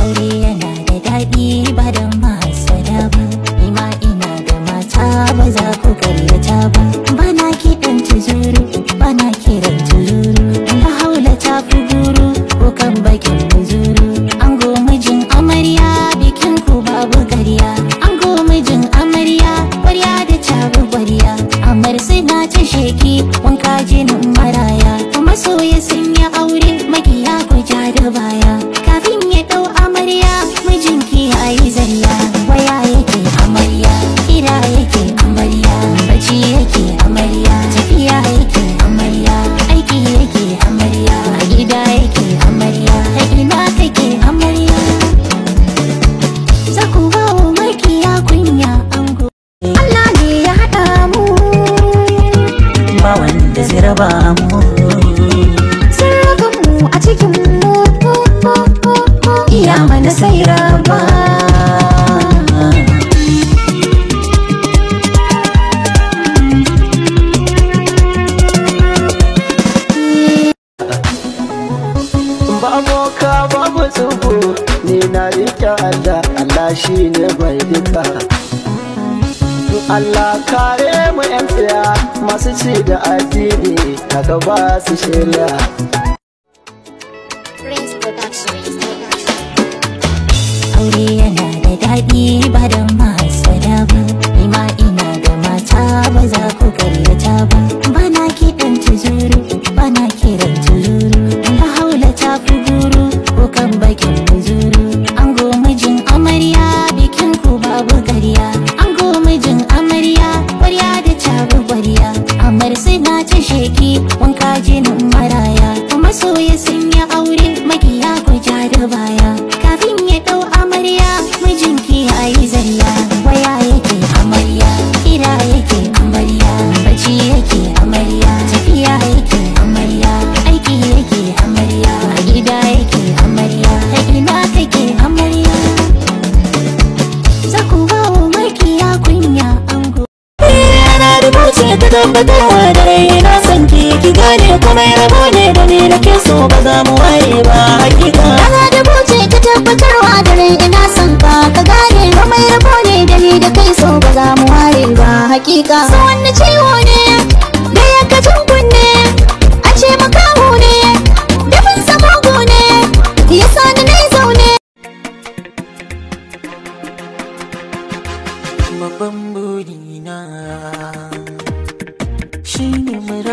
Aure yana da daɗi ba da masada ba Ni ina da mata ba za ku karyata ba Ba na kiɗan tuzuru, ba na kiran tuzuru Da haula ta fi guru, ko kan bakin muzuru Ango mijin amarya, bikin ku babu garya Ango mijin amarya, ƙwarya da cabu ƙwarya Amar ta sheki, wanka jinin maraya Masoyi sun ki raba mu sirrakan mu a cikin mu iya mana sai raba Baboka babu tsubu ni na rike Allah Allah ne bai duka Allah kare mu 'yan tsaya masu ci da addini daga ba su shirya. Aure yana da daɗi ba da masu da ba, ima ina da mata ba za ku gayyata ba. Bana kiɗan tuzuru, bana kiran tuzuru, ba haula ta fugu. ce ki wanka jinin mara Tabbatar wa dare na san ki ki gane kuma ya rabo ne da ni da ke so ba za mu ware ba hakika kaza da buce ta tabbatar wa dare ina san ka ka gane kuma ya rabo ne da ni da kai so ba za mu ware ba hakika so wanda ciwo ne da ya ka kunne a ce makaho ne da bin sako ne yasa da na zaune babban burina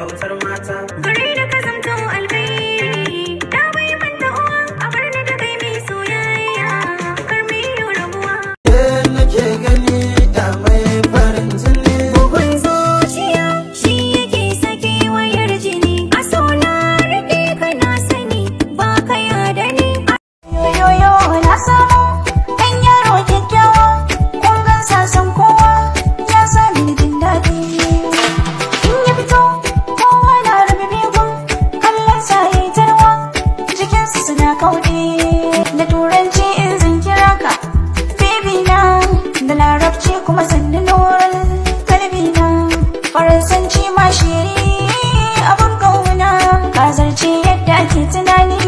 Alvin Settle. da larabci kuma sannu noral kalbi na faransanci ma shiri abin kauna ka zarce yadda ake tunani